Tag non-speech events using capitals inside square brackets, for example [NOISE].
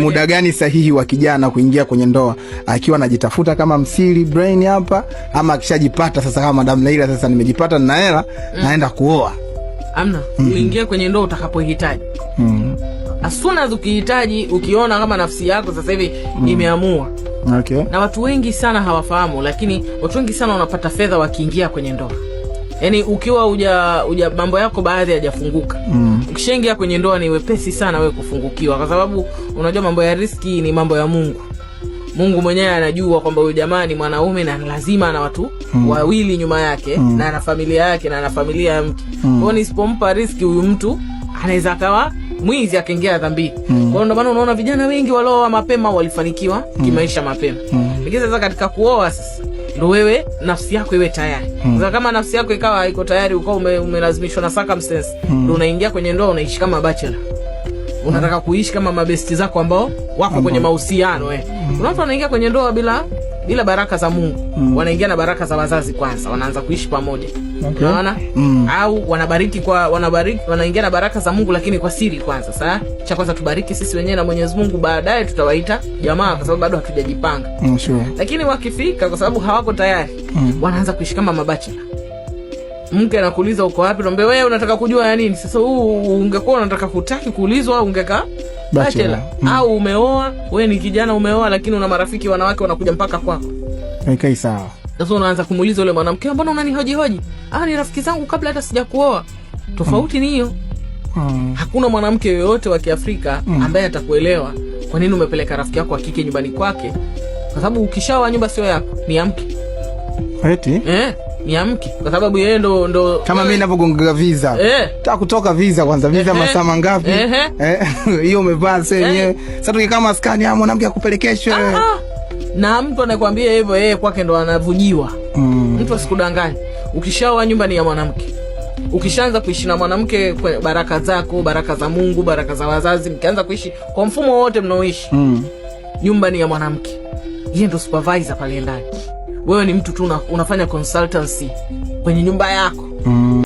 Muda gani sahihi wa kijana kuingia kwenye ndoa? Akiwa anajitafuta kama msiri brain hapa, ama akishajipata sasa, kama Madam Leila, sasa nimejipata na hela mm. naenda kuoa. Amna mm -hmm. uingia kwenye ndoa utakapohitaji mm -hmm. asuna ukihitaji, ukiona kama nafsi yako sasa hivi mm imeamua okay. na watu wengi sana hawafahamu, lakini watu wengi sana wanapata fedha wakiingia kwenye ndoa yani ukiwa uja, uja mambo yako baadhi hajafunguka mm. Ukishaingia kwenye ndoa ni wepesi sana wewe kufungukiwa, kwa sababu unajua mambo ya riski ni mambo ya Mungu. Mungu mwenyewe anajua kwamba huyu jamaa ni mwanaume na lazima ana watu mm. wawili nyuma yake mm. na ana familia yake na ana familia ya mtu mm. Kwao nisipompa riski huyu mtu anaweza akawa mwizi akaingia dhambi mm. Kwao ndio unaona vijana wengi walioa mapema walifanikiwa mm. kimaisha mapema mm. Lakini sasa katika kuoa sasa ndo wewe nafsi yako iwe tayari hmm. kama nafsi yako ikawa haiko tayari, ukawa ume, umelazimishwa na circumstance hmm. Ndo unaingia kwenye ndoa unaishi kama bachelor unataka hmm. kuishi kama mabesti zako ambao wako kwenye mahusiano eh. Hmm. Kuna watu wanaingia kwenye ndoa bila bila baraka za Mungu hmm. Wanaingia na baraka za wazazi kwanza, wanaanza kuishi pamoja okay. Unaona mm. Au wanabariki kwa wanabariki, wanaingia na baraka za Mungu, lakini kwa siri kwanza. Sasa cha kwanza tubariki sisi wenyewe na Mwenyezi Mungu, baadaye tutawaita jamaa, kwa sababu bado hatujajipanga mm, sure. Lakini wakifika, kwa sababu hawako tayari mm. wanaanza kuishi kama mabachela. Mke anakuuliza uko wapi, naomba wewe, unataka kujua ya nini? Sasa huu ungekuwa unataka kutaki kuulizwa au ungeka bachela mm. au umeoa, wewe ni kijana umeoa, lakini una marafiki wanawake wanakuja mpaka kwako. Okay, sawa sasa unaanza kumuuliza ule mwanamke, mbona unanihoji hoji? Ah, ni rafiki zangu kabla hata sijakuoa. Tofauti ni hiyo. Hmm. Hakuna mwanamke yoyote wa Kiafrika hmm. ambaye atakuelewa kwa nini umepeleka rafiki yako akike nyumbani kwake, kwa sababu ukishawa nyumba sio yako, ni ya mke. Eti? Eh, ni ya mke kwa sababu yeye ndo ndo kama mimi ninavyogonga visa. Eh. ta kutoka visa kwanza, visa eh, eh. masaa mangapi? Eh. eh. [LAUGHS] Hiyo umevaa sasa yenyewe. Sasa tukikaa maskani, ah, mwanamke akupelekeshwe. Ah, ah na mtu anayekwambia hivyo yeye kwake ndo anavujiwa. Mm. Mtu asikudanganye. Ukishaoa nyumba ni ya mwanamke. Ukishaanza kuishi na mwanamke kwa baraka zako, baraka za Mungu, baraka za wazazi, mkianza kuishi kwa mfumo wote mnaoishi. Mm. Nyumba ni ya mwanamke. Yeye ndo supervisor pale ndani. Wewe ni mtu tu unafanya consultancy kwenye nyumba yako. Mm.